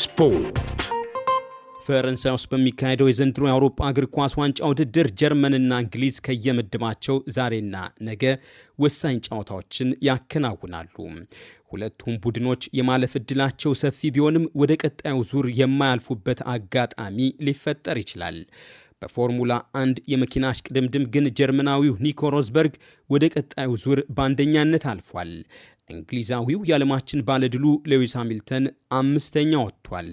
ስፖርት ፈረንሳይ ውስጥ በሚካሄደው የዘንድሮ የአውሮፓ እግር ኳስ ዋንጫ ውድድር ጀርመንና እንግሊዝ ከየምድባቸው ዛሬና ነገ ወሳኝ ጨዋታዎችን ያከናውናሉ። ሁለቱም ቡድኖች የማለፍ እድላቸው ሰፊ ቢሆንም ወደ ቀጣዩ ዙር የማያልፉበት አጋጣሚ ሊፈጠር ይችላል። በፎርሙላ አንድ የመኪና እሽቅድምድም ግን ጀርመናዊው ኒኮ ሮዝበርግ ወደ ቀጣዩ ዙር በአንደኛነት አልፏል። እንግሊዛዊው የዓለማችን ባለድሉ ሌዊስ ሃሚልተን አምስተኛ ወጥቷል።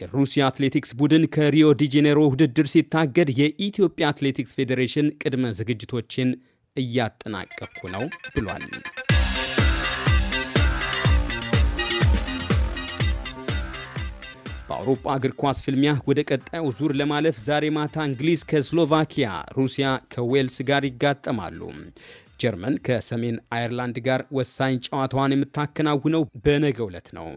የሩሲያ አትሌቲክስ ቡድን ከሪዮ ዲጄኔሮ ውድድር ሲታገድ የኢትዮጵያ አትሌቲክስ ፌዴሬሽን ቅድመ ዝግጅቶችን እያጠናቀቅኩ ነው ብሏል። በአውሮፓ እግር ኳስ ፍልሚያ ወደ ቀጣዩ ዙር ለማለፍ ዛሬ ማታ እንግሊዝ ከስሎቫኪያ፣ ሩሲያ ከዌልስ ጋር ይጋጠማሉ። ጀርመን ከሰሜን አየርላንድ ጋር ወሳኝ ጨዋታዋን የምታከናውነው በነገው ዕለት ነው።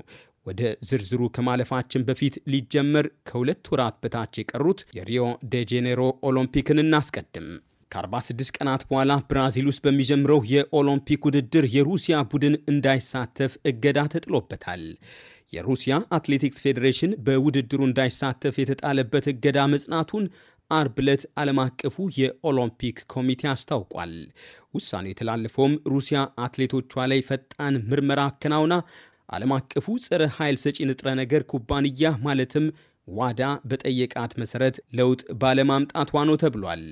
ወደ ዝርዝሩ ከማለፋችን በፊት ሊጀመር ከሁለት ወራት በታች የቀሩት የሪዮ ዴ ኦሎምፒክን እናስቀድም። ከ46 ቀናት በኋላ ብራዚል ውስጥ በሚጀምረው የኦሎምፒክ ውድድር የሩሲያ ቡድን እንዳይሳተፍ እገዳ ተጥሎበታል። የሩሲያ አትሌቲክስ ፌዴሬሽን በውድድሩ እንዳይሳተፍ የተጣለበት እገዳ መጽናቱን አርብ ዕለት ዓለም አቀፉ የኦሎምፒክ ኮሚቴ አስታውቋል። ውሳኔው የተላለፈውም ሩሲያ አትሌቶቿ ላይ ፈጣን ምርመራ አከናውና ዓለም አቀፉ ጸረ ኃይል ሰጪ ንጥረ ነገር ኩባንያ ማለትም ዋዳ በጠየቃት መሰረት ለውጥ ባለማምጣቷ ነው ተብሏል።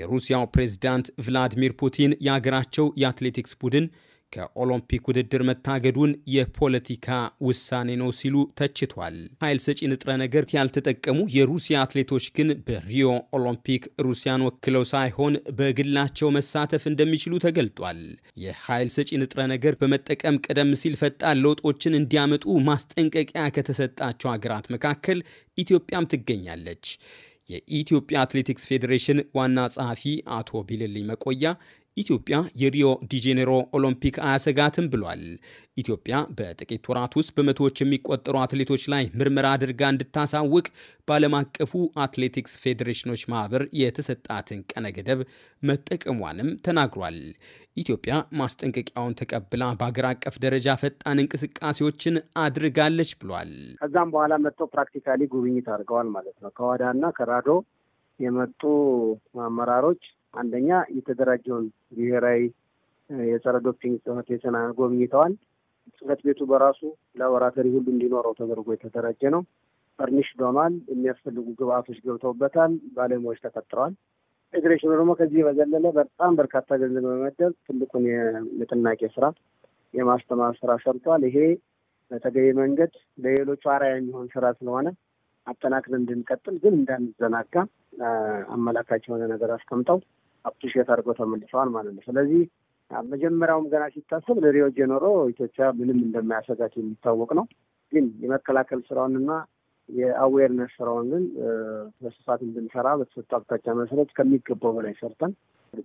የሩሲያው ፕሬዝዳንት ቭላዲሚር ፑቲን የአገራቸው የአትሌቲክስ ቡድን ከኦሎምፒክ ውድድር መታገዱን የፖለቲካ ውሳኔ ነው ሲሉ ተችቷል። ኃይል ሰጪ ንጥረ ነገር ያልተጠቀሙ የሩሲያ አትሌቶች ግን በሪዮ ኦሎምፒክ ሩሲያን ወክለው ሳይሆን በግላቸው መሳተፍ እንደሚችሉ ተገልጧል። የኃይል ሰጪ ንጥረ ነገር በመጠቀም ቀደም ሲል ፈጣን ለውጦችን እንዲያመጡ ማስጠንቀቂያ ከተሰጣቸው ሀገራት መካከል ኢትዮጵያም ትገኛለች። የኢትዮጵያ አትሌቲክስ ፌዴሬሽን ዋና ጸሐፊ አቶ ቢልልኝ መቆያ ኢትዮጵያ የሪዮ ዲጄኔሮ ኦሎምፒክ አያሰጋትም ብሏል። ኢትዮጵያ በጥቂት ወራት ውስጥ በመቶዎች የሚቆጠሩ አትሌቶች ላይ ምርመራ አድርጋ እንድታሳውቅ በዓለም አቀፉ አትሌቲክስ ፌዴሬሽኖች ማህበር የተሰጣትን ቀነ ገደብ መጠቀሟንም ተናግሯል። ኢትዮጵያ ማስጠንቀቂያውን ተቀብላ በአገር አቀፍ ደረጃ ፈጣን እንቅስቃሴዎችን አድርጋለች ብሏል። ከዛም በኋላ መጥቶ ፕራክቲካሊ ጉብኝት አድርገዋል ማለት ነው። ከዋዳ ከራዶ የመጡ አመራሮች አንደኛ የተደራጀውን ብሔራዊ የጸረ ዶፒንግ ጽህፈት ቤትን ጎብኝተዋል። ጽህፈት ቤቱ በራሱ ላቦራቶሪ ሁሉ እንዲኖረው ተደርጎ የተደራጀ ነው። ፈርኒሽ ዶማል የሚያስፈልጉ ግብአቶች ገብተውበታል። ባለሙያዎች ተቀጥረዋል። ፌዴሬሽኑ ደግሞ ከዚህ በዘለለ በጣም በርካታ ገንዘብ በመመደብ ትልቁን የንቅናቄ ስራ የማስተማር ስራ ሰርቷል። ይሄ በተገቢ መንገድ ለሌሎቹ አርአያ የሚሆን ስራ ስለሆነ አጠናክረን እንድንቀጥል ግን እንዳንዘናጋ አመላካች የሆነ ነገር አስቀምጠው አፕሪሼት አድርገው ተመልሰዋል ማለት ነው። ስለዚህ መጀመሪያውም ገና ሲታሰብ ለሪዮ ጀኖሮ ኢትዮጵያ ምንም እንደማያሰጋት የሚታወቅ ነው። ግን የመከላከል ስራውንና የአዌርነስ ስራውን ግን በስፋት እንድንሰራ በተሰጠ አቅጣጫ መሰረት ከሚገባው በላይ ሰርተን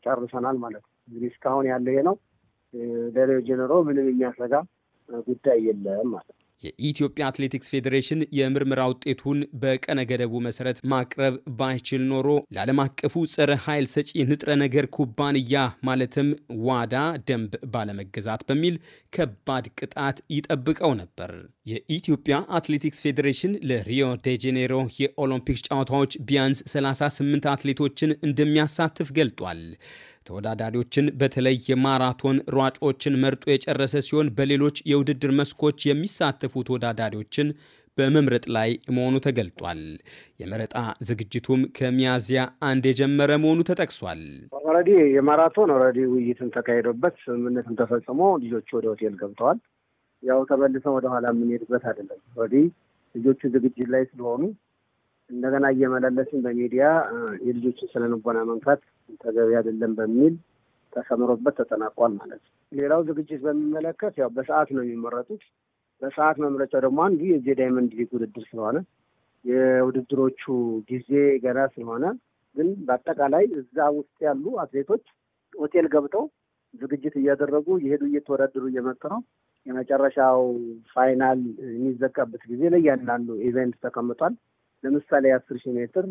ጨርሰናል ማለት ነው። እንግዲህ እስካሁን ያለ ነው። ለሪዮ ጀኖሮ ምንም የሚያሰጋ ጉዳይ የለም ማለት ነው። የኢትዮጵያ አትሌቲክስ ፌዴሬሽን የምርመራ ውጤቱን በቀነ ገደቡ መሰረት ማቅረብ ባይችል ኖሮ ለዓለም አቀፉ ጸረ ኃይል ሰጪ ንጥረ ነገር ኩባንያ ማለትም ዋዳ ደንብ ባለመገዛት በሚል ከባድ ቅጣት ይጠብቀው ነበር። የኢትዮጵያ አትሌቲክስ ፌዴሬሽን ለሪዮ ዴ ጄኔሮ የኦሎምፒክስ ጨዋታዎች ቢያንስ 38 አትሌቶችን እንደሚያሳትፍ ገልጧል። ተወዳዳሪዎችን በተለይ የማራቶን ሯጮችን መርጦ የጨረሰ ሲሆን በሌሎች የውድድር መስኮች የሚሳተፉ ተወዳዳሪዎችን በመምረጥ ላይ መሆኑ ተገልጧል። የመረጣ ዝግጅቱም ከሚያዝያ አንድ የጀመረ መሆኑ ተጠቅሷል። ኦልሬዲ የማራቶን ኦልሬዲ ውይይትም ተካሂዶበት ስምምነትም ተፈጽሞ ልጆቹ ወደ ሆቴል ገብተዋል። ያው ተመልሰው ወደኋላ የምንሄድበት አይደለም። ኦልሬዲ ልጆቹ ዝግጅት ላይ ስለሆኑ እንደገና እየመላለስን በሚዲያ የልጆችን ስነልቦና መንካት ተገቢ አይደለም በሚል ተሰምሮበት ተጠናቋል ማለት ነው። ሌላው ዝግጅት በሚመለከት ያው በሰዓት ነው የሚመረጡት። በሰዓት መምረጫው ደግሞ አንዱ የዚህ ዳይመንድ ሊግ ውድድር ስለሆነ የውድድሮቹ ጊዜ ገና ስለሆነ ግን በአጠቃላይ እዛ ውስጥ ያሉ አትሌቶች ሆቴል ገብተው ዝግጅት እያደረጉ የሄዱ እየተወዳደሩ እየመጡ ነው። የመጨረሻው ፋይናል የሚዘጋበት ጊዜ ላይ ያንዳንዱ ኢቨንት ተቀምጧል። ለምሳሌ አስር ሺህ ሜትር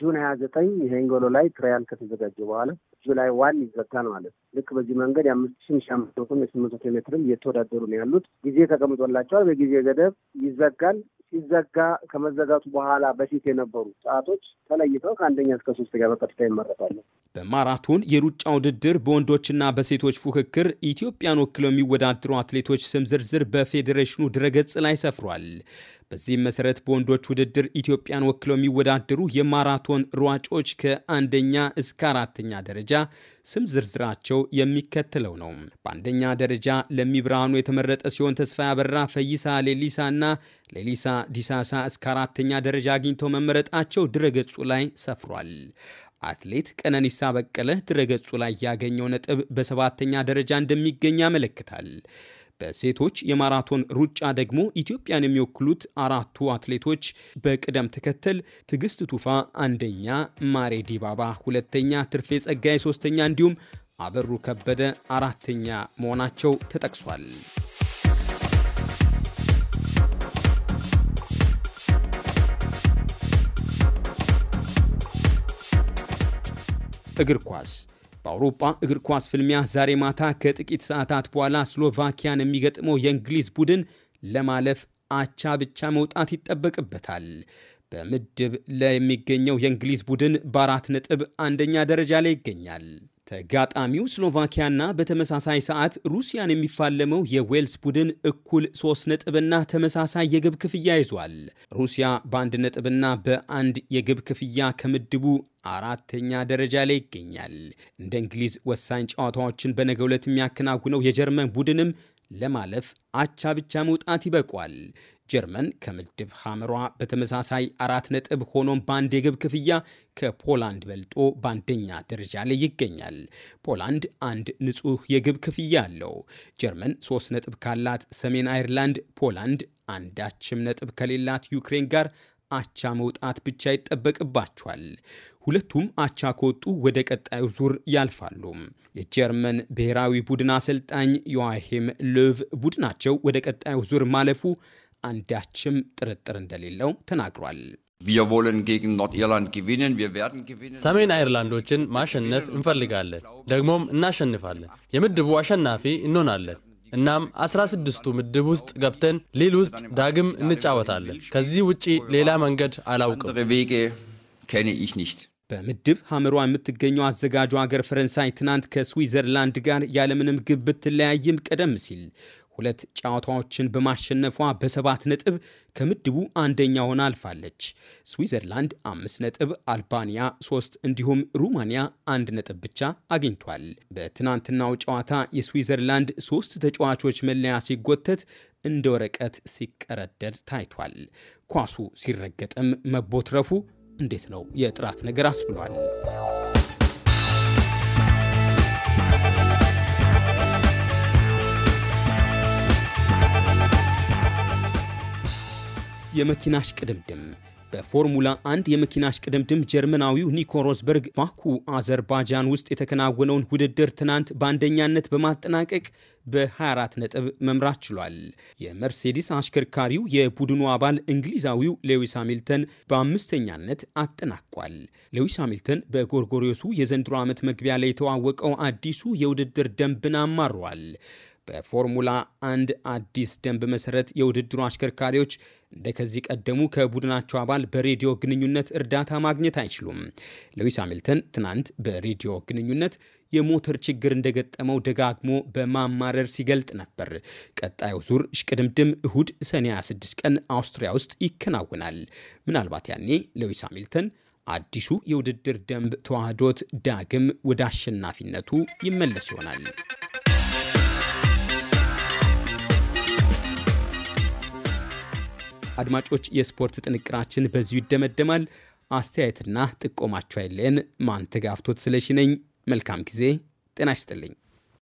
ጁን ሀያ ዘጠኝ ሄንጎሎ ላይ ትራያል ከተዘጋጀ በኋላ ጁላይ ዋን ነው ማለት ልክ በዚህ መንገድ የአምስት ሺ ሺ አምስት የስምንት መቶ ሜትርም እየተወዳደሩ ነው ያሉት። ጊዜ ተቀምጦላቸዋል። በጊዜ ገደብ ይዘጋል። ሲዘጋ ከመዘጋቱ በኋላ በፊት የነበሩ ሰዓቶች ተለይተው ከአንደኛ እስከ ሶስተኛ በቀጥታ ይመረጣሉ። በማራቶን የሩጫ ውድድር በወንዶችና በሴቶች ፉክክር ኢትዮጵያን ወክለው የሚወዳደሩ አትሌቶች ስም ዝርዝር በፌዴሬሽኑ ድረገጽ ላይ ሰፍሯል። በዚህም መሰረት በወንዶች ውድድር ኢትዮጵያን ወክለው የሚወዳደሩ የማራቶን ሯጮች ከአንደኛ እስከ አራተኛ ደረጃ ስም ዝርዝራቸው የሚከተለው ነው። በአንደኛ ደረጃ ለሚብርሃኑ የተመረጠ ሲሆን ተስፋ ያበራ፣ ፈይሳ ሌሊሳ እና ሌሊሳ ዲሳሳ እስከ አራተኛ ደረጃ አግኝተው መመረጣቸው ድረገጹ ላይ ሰፍሯል። አትሌት ቀነኒሳ በቀለ ድረገጹ ላይ ያገኘው ነጥብ በሰባተኛ ደረጃ እንደሚገኝ ያመለክታል። በሴቶች የማራቶን ሩጫ ደግሞ ኢትዮጵያን የሚወክሉት አራቱ አትሌቶች በቅደም ተከተል ትዕግስት ቱፋ አንደኛ፣ ማሬ ዲባባ ሁለተኛ፣ ትርፌ ጸጋይ ሶስተኛ፣ እንዲሁም አበሩ ከበደ አራተኛ መሆናቸው ተጠቅሷል። እግር ኳስ በአውሮፓ እግር ኳስ ፍልሚያ ዛሬ ማታ ከጥቂት ሰዓታት በኋላ ስሎቫኪያን የሚገጥመው የእንግሊዝ ቡድን ለማለፍ አቻ ብቻ መውጣት ይጠበቅበታል። በምድብ ላይ የሚገኘው የእንግሊዝ ቡድን በአራት ነጥብ አንደኛ ደረጃ ላይ ይገኛል። ተጋጣሚው ስሎቫኪያና በተመሳሳይ ሰዓት ሩሲያን የሚፋለመው የዌልስ ቡድን እኩል ሶስት ነጥብና ተመሳሳይ የግብ ክፍያ ይዟል። ሩሲያ በአንድ ነጥብና በአንድ የግብ ክፍያ ከምድቡ አራተኛ ደረጃ ላይ ይገኛል። እንደ እንግሊዝ ወሳኝ ጨዋታዎችን በነገ ዕለት የሚያከናውነው የጀርመን ቡድንም ለማለፍ አቻ ብቻ መውጣት ይበቋል። ጀርመን ከምድብ ሐምሯ በተመሳሳይ አራት ነጥብ ሆኖም በአንድ የግብ ክፍያ ከፖላንድ በልጦ በአንደኛ ደረጃ ላይ ይገኛል። ፖላንድ አንድ ንጹህ የግብ ክፍያ አለው። ጀርመን ሶስት ነጥብ ካላት ሰሜን አይርላንድ፣ ፖላንድ አንዳችም ነጥብ ከሌላት ዩክሬን ጋር አቻ መውጣት ብቻ ይጠበቅባቸዋል። ሁለቱም አቻ ከወጡ ወደ ቀጣዩ ዙር ያልፋሉ። የጀርመን ብሔራዊ ቡድን አሰልጣኝ ዮዋሂም ሎቭ ቡድናቸው ወደ ቀጣዩ ዙር ማለፉ አንዳችም ጥርጥር እንደሌለው ተናግሯል። ሰሜን አይርላንዶችን ማሸነፍ እንፈልጋለን፣ ደግሞም እናሸንፋለን። የምድቡ አሸናፊ እንሆናለን። እናም 16ቱ ምድብ ውስጥ ገብተን ሊል ውስጥ ዳግም እንጫወታለን። ከዚህ ውጪ ሌላ መንገድ አላውቅም። በምድብ ሀምሯ የምትገኘው አዘጋጁ ሀገር ፈረንሳይ ትናንት ከስዊዘርላንድ ጋር ያለምንም ግብ ብትለያይም ቀደም ሲል ሁለት ጨዋታዎችን በማሸነፏ በሰባት ነጥብ ከምድቡ አንደኛ ሆና አልፋለች። ስዊዘርላንድ አምስት ነጥብ፣ አልባንያ ሶስት እንዲሁም ሩማንያ አንድ ነጥብ ብቻ አግኝቷል። በትናንትናው ጨዋታ የስዊዘርላንድ ሶስት ተጫዋቾች መለያ ሲጎተት እንደ ወረቀት ሲቀረደድ ታይቷል። ኳሱ ሲረገጥም መቦትረፉ እንዴት ነው የጥራት ነገር አስብሏል። የመኪና እሽቅድምድም በፎርሙላ አንድ የመኪና እሽቅድምድም ጀርመናዊው ኒኮ ሮዝበርግ ባኩ አዘርባጃን ውስጥ የተከናወነውን ውድድር ትናንት በአንደኛነት በማጠናቀቅ በ24 ነጥብ መምራት ችሏል። የመርሴዲስ አሽከርካሪው የቡድኑ አባል እንግሊዛዊው ሌዊስ ሃሚልተን በአምስተኛነት አጠናቋል። ሌዊስ ሃሚልተን በጎርጎሪዮሱ የዘንድሮ ዓመት መግቢያ ላይ የተዋወቀው አዲሱ የውድድር ደንብን አማሯል። በፎርሙላ አንድ አዲስ ደንብ መሰረት የውድድሩ አሽከርካሪዎች እንደ ከዚህ ቀደሙ ከቡድናቸው አባል በሬዲዮ ግንኙነት እርዳታ ማግኘት አይችሉም። ሉዊስ ሃሚልተን ትናንት በሬዲዮ ግንኙነት የሞተር ችግር እንደገጠመው ደጋግሞ በማማረር ሲገልጥ ነበር። ቀጣዩ ዙር ሽቅድምድም እሁድ ሰኔ 26 ቀን አውስትሪያ ውስጥ ይከናወናል። ምናልባት ያኔ ሉዊስ ሃሚልተን አዲሱ የውድድር ደንብ ተዋህዶት ዳግም ወደ አሸናፊነቱ ይመለስ ይሆናል። አድማጮች፣ የስፖርት ጥንቅራችን በዚሁ ይደመደማል። አስተያየትና ጥቆማቸው አይለን ማንተጋፍቶት ስለሽነኝ መልካም ጊዜ። ጤና ይስጥልኝ።